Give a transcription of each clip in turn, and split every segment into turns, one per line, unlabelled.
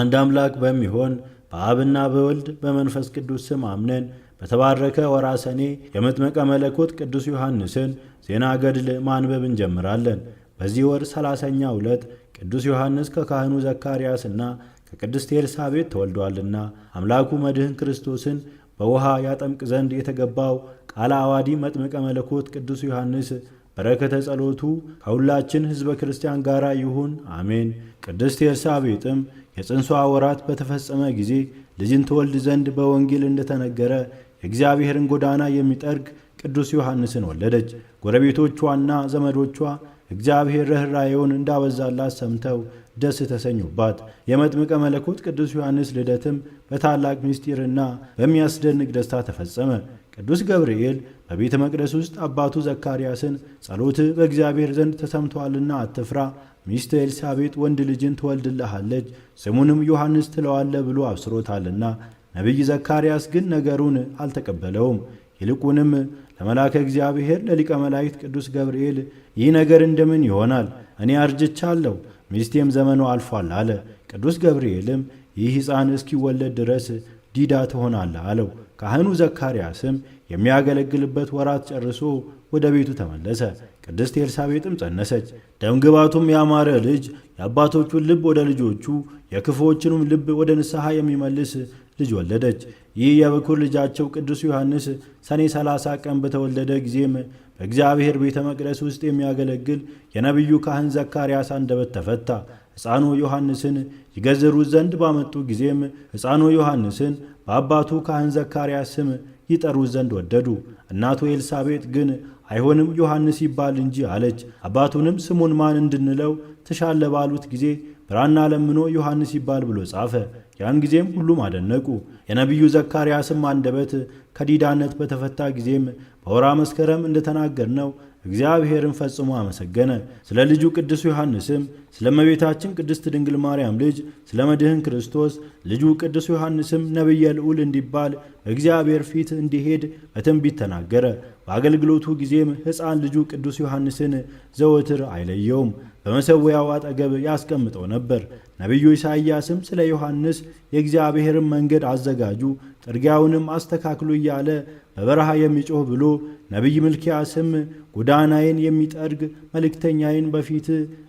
አንድ አምላክ በሚሆን በአብና በወልድ በመንፈስ ቅዱስ ስም አምነን በተባረከ ወራ ሰኔ የመጥመቀ መለኮት ቅዱስ ዮሐንስን ዜና ገድል ማንበብ እንጀምራለን። በዚህ ወር ሰላሳኛ ዕለት ቅዱስ ዮሐንስ ከካህኑ ዘካርያስና ከቅድስት ኤልሳቤጥ ተወልዷልና አምላኩ መድህን ክርስቶስን በውሃ ያጠምቅ ዘንድ የተገባው ቃለ አዋዲ መጥምቀ መለኮት ቅዱስ ዮሐንስ በረከተ ጸሎቱ ከሁላችን ሕዝበ ክርስቲያን ጋር ይሁን፣ አሜን። ቅድስት ኤልሳቤጥም የጽንሷ ወራት በተፈጸመ ጊዜ ልጅን ትወልድ ዘንድ በወንጌል እንደተነገረ የእግዚአብሔርን ጎዳና የሚጠርግ ቅዱስ ዮሐንስን ወለደች። ጎረቤቶቿና ዘመዶቿ እግዚአብሔር ርኅራኄውን እንዳበዛላት ሰምተው ደስ ተሰኙባት። የመጥምቀ መለኮት ቅዱስ ዮሐንስ ልደትም በታላቅ ምስጢርና በሚያስደንቅ ደስታ ተፈጸመ። ቅዱስ ገብርኤል በቤተ መቅደስ ውስጥ አባቱ ዘካርያስን ጸሎት በእግዚአብሔር ዘንድ ተሰምቷልና አትፍራ፣ ሚስት ኤልሳቤጥ ወንድ ልጅን ትወልድልሃለች፣ ስሙንም ዮሐንስ ትለዋለ ብሎ አብስሮታልና። ነቢይ ዘካርያስ ግን ነገሩን አልተቀበለውም። ይልቁንም ለመላከ እግዚአብሔር ለሊቀ መላእክት ቅዱስ ገብርኤል ይህ ነገር እንደምን ይሆናል? እኔ አርጅቻለሁ ሚስቴም ዘመኑ አልፏል አለ። ቅዱስ ገብርኤልም ይህ ሕፃን እስኪወለድ ድረስ ዲዳ ትሆናለህ አለው። ካህኑ ዘካርያስም የሚያገለግልበት ወራት ጨርሶ ወደ ቤቱ ተመለሰ። ቅድስት ኤልሳቤጥም ጸነሰች። ደምግባቱም ያማረ ልጅ የአባቶቹን ልብ ወደ ልጆቹ የክፉዎችንም ልብ ወደ ንስሐ የሚመልስ ልጅ ወለደች። ይህ የበኩር ልጃቸው ቅዱስ ዮሐንስ ሰኔ 30 ቀን በተወለደ ጊዜም በእግዚአብሔር ቤተ መቅደስ ውስጥ የሚያገለግል የነቢዩ ካህን ዘካርያስ አንደበት ተፈታ። ሕፃኑ ዮሐንስን ይገዝሩት ዘንድ ባመጡ ጊዜም ሕፃኑ ዮሐንስን በአባቱ ካህን ዘካርያስ ስም ይጠሩት ዘንድ ወደዱ። እናቱ ኤልሳቤጥ ግን አይሆንም፣ ዮሐንስ ይባል እንጂ አለች። አባቱንም ስሙን ማን እንድንለው ትሻለ ባሉት ጊዜ ብራና ለምኖ ዮሐንስ ይባል ብሎ ጻፈ። ያን ጊዜም ሁሉም አደነቁ። የነቢዩ ዘካርያስም አንደበት ከዲዳነት በተፈታ ጊዜም በወራ መስከረም እንደተናገር ነው እግዚአብሔርን ፈጽሞ አመሰገነ። ስለ ልጁ ቅዱስ ዮሐንስም ስለ እመቤታችን ቅድስት ድንግል ማርያም ልጅ ስለ መድህን ክርስቶስ ልጁ ቅዱስ ዮሐንስም ነቢየ ልዑል እንዲባል በእግዚአብሔር ፊት እንዲሄድ በትንቢት ተናገረ። በአገልግሎቱ ጊዜም ሕፃን ልጁ ቅዱስ ዮሐንስን ዘወትር አይለየውም፣ በመሠዊያው አጠገብ ያስቀምጠው ነበር። ነቢዩ ኢሳይያስም ስለ ዮሐንስ የእግዚአብሔርን መንገድ አዘጋጁ፣ ጥርጊያውንም አስተካክሉ እያለ በበረሃ የሚጮህ ብሎ ነቢይ ምልኪያስም ጎዳናዬን የሚጠርግ መልእክተኛዬን በፊት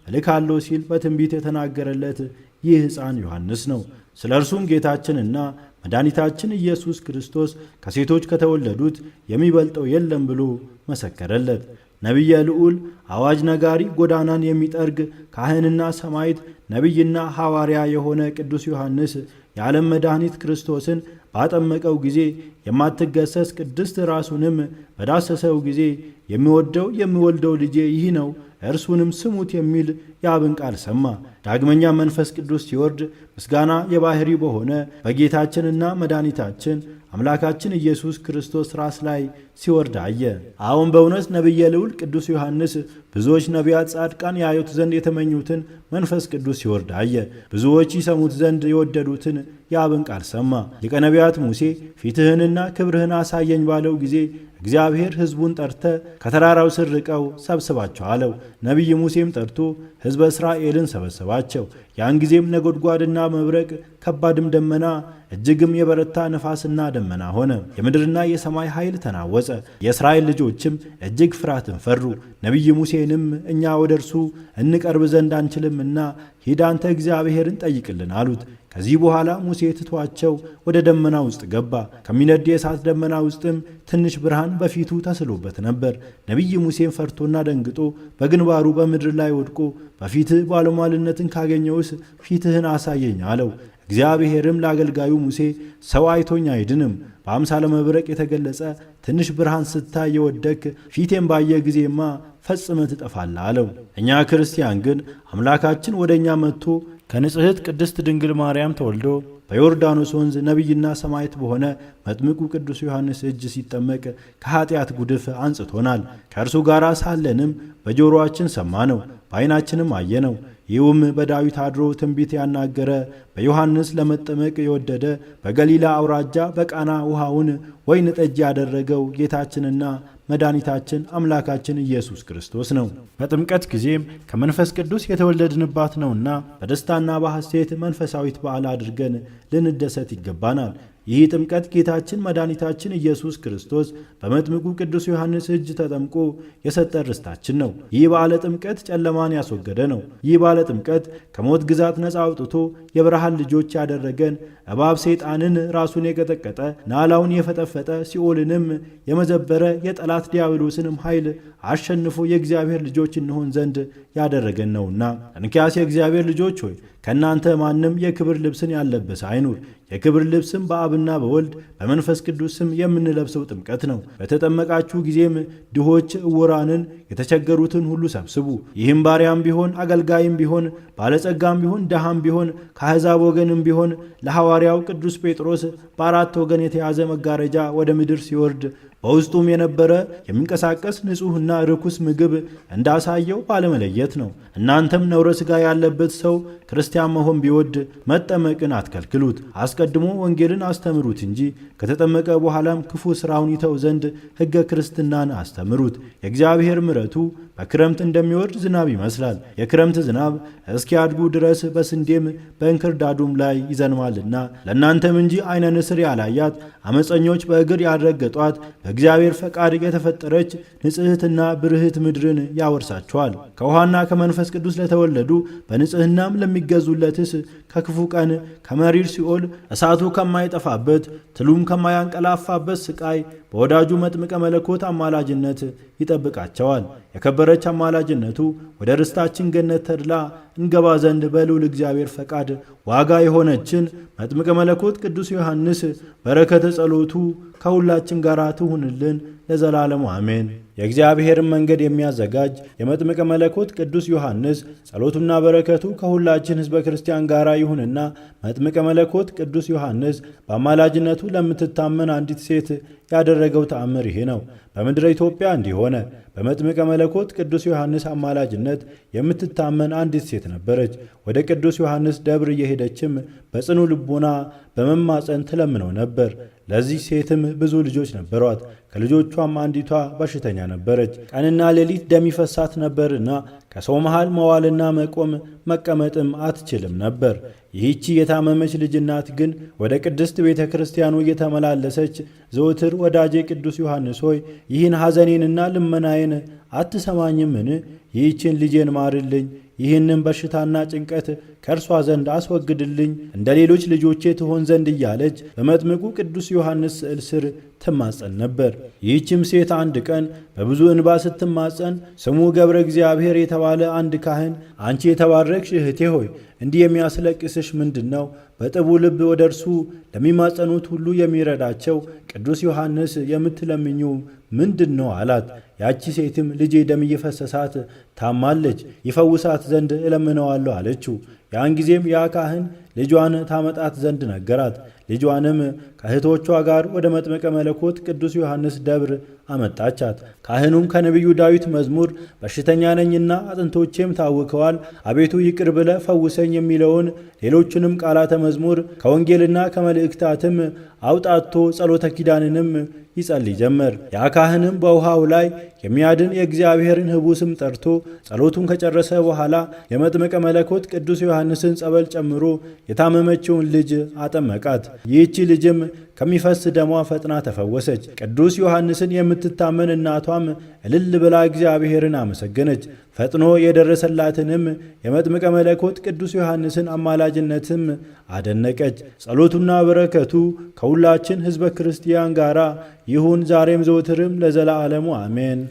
እልካለሁ ሲል ሲል በትንቢት የተናገረለት ይህ ሕፃን ዮሐንስ ነው። ስለ እርሱም ጌታችንና መድኃኒታችን ኢየሱስ ክርስቶስ ከሴቶች ከተወለዱት የሚበልጠው የለም ብሎ መሰከረለት። ነቢየ ልዑል፣ አዋጅ ነጋሪ፣ ጎዳናን የሚጠርግ ካህንና ሰማይት ነቢይና ሐዋርያ የሆነ ቅዱስ ዮሐንስ የዓለም መድኃኒት ክርስቶስን ባጠመቀው ጊዜ የማትገሰስ ቅድስት ራሱንም በዳሰሰው ጊዜ የሚወደው የሚወልደው ልጄ ይህ ነው እርሱንም ስሙት የሚል የአብን ቃል ሰማ። ዳግመኛ መንፈስ ቅዱስ ሲወርድ ምስጋና የባሕሪ በሆነ በጌታችንና መድኃኒታችን አምላካችን ኢየሱስ ክርስቶስ ራስ ላይ ሲወርድ አየ። አሁን በእውነት ነቢየ ልዑል ቅዱስ ዮሐንስ ብዙዎች ነቢያት፣ ጻድቃን ያዩት ዘንድ የተመኙትን መንፈስ ቅዱስ ሲወርድ አየ። ብዙዎች ይሰሙት ዘንድ የወደዱትን የአብን ቃል ሰማ። ሊቀ ነቢያት ሙሴ ፊትህንና ክብርህን አሳየኝ ባለው ጊዜ እግዚአብሔር ሕዝቡን ጠርተ ከተራራው ስር ርቀው ሰብስባቸው አለው። ነቢይ ሙሴም ጠርቶ ሕዝበ እስራኤልን ሰበሰባቸው። ያን ጊዜም ነጎድጓድና መብረቅ፣ ከባድም ደመና፣ እጅግም የበረታ ነፋስና ደመና ሆነ። የምድርና የሰማይ ኃይል ተናወጸ። የእስራኤል ልጆችም እጅግ ፍርሃትን ፈሩ። ነቢይ ሙሴንም እኛ ወደ እርሱ እንቀርብ ዘንድ አንችልምና ሂድ አንተ እግዚአብሔርን ጠይቅልን አሉት። ከዚህ በኋላ ሙሴ ትቷቸው ወደ ደመና ውስጥ ገባ። ከሚነድ የእሳት ደመና ውስጥም ትንሽ ብርሃን ሰይጣን በፊቱ ተስሎበት ነበር። ነቢይ ሙሴን ፈርቶና ደንግጦ በግንባሩ በምድር ላይ ወድቆ በፊትህ ባለሟልነትን ካገኘውስ ፊትህን አሳየኝ አለው። እግዚአብሔርም ለአገልጋዩ ሙሴ ሰው አይቶኝ አይድንም፣ በአምሳለ መብረቅ የተገለጸ ትንሽ ብርሃን ስታይ የወደክ ፊቴን ባየ ጊዜማ ፈጽመ ትጠፋለ አለው። እኛ ክርስቲያን ግን አምላካችን ወደ እኛ መጥቶ ከንጽሕት ቅድስት ድንግል ማርያም ተወልዶ በዮርዳኖስ ወንዝ ነቢይና ሰማዕት በሆነ መጥምቁ ቅዱስ ዮሐንስ እጅ ሲጠመቅ ከኃጢአት ጉድፍ አንጽቶናል። ከእርሱ ጋር ሳለንም በጆሮአችን ሰማ ነው በዓይናችንም አየነው። ይህውም በዳዊት አድሮ ትንቢት ያናገረ በዮሐንስ ለመጠመቅ የወደደ በገሊላ አውራጃ በቃና ውሃውን ወይን ጠጅ ያደረገው ጌታችንና መድኃኒታችን አምላካችን ኢየሱስ ክርስቶስ ነው። በጥምቀት ጊዜም ከመንፈስ ቅዱስ የተወለድንባት ነውና በደስታና በሐሴት መንፈሳዊት በዓል አድርገን ልንደሰት ይገባናል። ይህ ጥምቀት ጌታችን መድኃኒታችን ኢየሱስ ክርስቶስ በመጥምቁ ቅዱስ ዮሐንስ እጅ ተጠምቆ የሰጠ ርስታችን ነው። ይህ በዓለ ጥምቀት ጨለማን ያስወገደ ነው። ይህ በዓለ ጥምቀት ከሞት ግዛት ነፃ አውጥቶ የብርሃን ልጆች ያደረገን፣ እባብ ሰይጣንን ራሱን የቀጠቀጠ ናላውን የፈጠፈጠ ሲኦልንም የመዘበረ የጠላት ዲያብሎስንም ኃይል አሸንፎ የእግዚአብሔር ልጆች እንሆን ዘንድ ያደረገን ነውና እንኪያስ የእግዚአብሔር ልጆች ሆይ ከእናንተ ማንም የክብር ልብስን ያለበሰ አይኑር። የክብር ልብስም በአብ በአብና በወልድ በመንፈስ ቅዱስ ስም የምንለብሰው ጥምቀት ነው። በተጠመቃችሁ ጊዜም ድሆች፣ እውራንን፣ የተቸገሩትን ሁሉ ሰብስቡ። ይህም ባሪያም ቢሆን አገልጋይም ቢሆን ባለጸጋም ቢሆን ድሃም ቢሆን ከአሕዛብ ወገንም ቢሆን ለሐዋርያው ቅዱስ ጴጥሮስ በአራት ወገን የተያዘ መጋረጃ ወደ ምድር ሲወርድ በውስጡም የነበረ የሚንቀሳቀስ ንጹሕና ርኩስ ምግብ እንዳሳየው ባለመለየት ነው። እናንተም ነውረ ሥጋ ያለበት ሰው ክርስቲያን መሆን ቢወድ መጠመቅን አትከልክሉት። አስቀድሞ ወንጌልን አስተምሩት እንጂ ከተጠመቀ በኋላም ክፉ ሥራውን ይተው ዘንድ ሕገ ክርስትናን አስተምሩት። የእግዚአብሔር ምረቱ በክረምት እንደሚወርድ ዝናብ ይመስላል። የክረምት ዝናብ እስኪያድጉ ድረስ በስንዴም በእንክርዳዱም ላይ ይዘንማልና ለእናንተም እንጂ ዓይነ ንስር ያላያት አመፀኞች በእግር ያልረገጧት በእግዚአብሔር ፈቃድ የተፈጠረች ንጽሕትና ብርህት ምድርን ያወርሳቸዋል። ከውሃና ከመንፈስ ቅዱስ ለተወለዱ በንጽሕናም ለሚገዙለትስ ከክፉ ቀን ከመሪር ሲኦል እሳቱ ከማይጠፋበት ትሉም ከማያንቀላፋበት ስቃይ በወዳጁ መጥምቀ መለኮት አማላጅነት ይጠብቃቸዋል። የከበረች አማላጅነቱ ወደ ርስታችን ገነት ተድላ እንገባ ዘንድ በልዑል እግዚአብሔር ፈቃድ ዋጋ የሆነችን መጥምቀ መለኮት ቅዱስ ዮሐንስ በረከተ ጸሎቱ ከሁላችን ጋር ትሁንልን ለዘላለሙ አሜን። የእግዚአብሔርን መንገድ የሚያዘጋጅ የመጥምቀ መለኮት ቅዱስ ዮሐንስ ጸሎቱና በረከቱ ከሁላችን ሕዝበ ክርስቲያን ጋር ይሁንና መጥምቀ መለኮት ቅዱስ ዮሐንስ በአማላጅነቱ ለምትታመን አንዲት ሴት ያደረገው ተአምር ይሄ ነው። በምድረ ኢትዮጵያ እንዲሆነ በመጥምቀ መለኮት ቅዱስ ዮሐንስ አማላጅነት የምትታመን አንዲት ሴት ነበረች። ወደ ቅዱስ ዮሐንስ ደብር እየሄደችም በጽኑ ልቦና በመማፀን ትለምነው ነበር። ለዚህ ሴትም ብዙ ልጆች ነበሯት። ከልጆቿም አንዲቷ በሽተኛ ነበረች። ቀንና ሌሊት ደም ይፈሳት ነበርና ከሰው መሃል መዋልና መቆም መቀመጥም አትችልም ነበር። ይህቺ የታመመች ልጅናት ግን ወደ ቅድስት ቤተ ክርስቲያኑ እየተመላለሰች ዘወትር ወዳጄ ቅዱስ ዮሐንስ ሆይ ይህን ሐዘኔንና ልመናዬን አትሰማኝምን? ይህችን ልጄን ማርልኝ ይህንም በሽታና ጭንቀት ከእርሷ ዘንድ አስወግድልኝ፣ እንደ ሌሎች ልጆቼ ትሆን ዘንድ እያለች በመጥምቁ ቅዱስ ዮሐንስ ስዕል ስር ትማጸን ነበር። ይህችም ሴት አንድ ቀን በብዙ እንባ ስትማጸን ስሙ ገብረ እግዚአብሔር የተባለ አንድ ካህን አንቺ የተባረክሽ እህቴ ሆይ እንዲህ የሚያስለቅስሽ ምንድን ነው? በጥቡ ልብ ወደ እርሱ ለሚማጸኑት ሁሉ የሚረዳቸው ቅዱስ ዮሐንስ የምትለምኙ ምንድን ነው? አላት። ያቺ ሴትም ልጄ ደም እየፈሰሳት ታማለች፣ ይፈውሳት ዘንድ እለምነዋለሁ አለችው። ያን ጊዜም ያ ካህን ልጇን ታመጣት ዘንድ ነገራት። ልጇንም ከእህቶቿ ጋር ወደ መጥመቀ መለኮት ቅዱስ ዮሐንስ ደብር አመጣቻት። ካህኑም ከነቢዩ ዳዊት መዝሙር በሽተኛ ነኝና አጥንቶቼም ታውከዋል፣ አቤቱ ይቅር ብለ ፈውሰኝ የሚለውን ሌሎችንም ቃላተ መዝሙር ከወንጌልና ከመልእክታትም አውጣቶ ጸሎተ ኪዳንንም ይጸልይ ጀመር። ያ ካህንም በውሃው ላይ የሚያድን የእግዚአብሔርን ህቡ ስም ጠርቶ ጸሎቱን ከጨረሰ በኋላ የመጥምቀ መለኮት ቅዱስ ዮሐንስን ጸበል ጨምሮ የታመመችውን ልጅ አጠመቃት። ይህቺ ልጅም ከሚፈስ ደሟ ፈጥና ተፈወሰች። ቅዱስ ዮሐንስን የምትታመን እናቷም እልል ብላ እግዚአብሔርን አመሰገነች። ፈጥኖ የደረሰላትንም የመጥምቀ መለኮት ቅዱስ ዮሐንስን አማላጅነትም አደነቀች። ጸሎቱና በረከቱ ከሁላችን ሕዝበ ክርስቲያን ጋር ይሁን ዛሬም ዘወትርም ዓለሙ አሜን።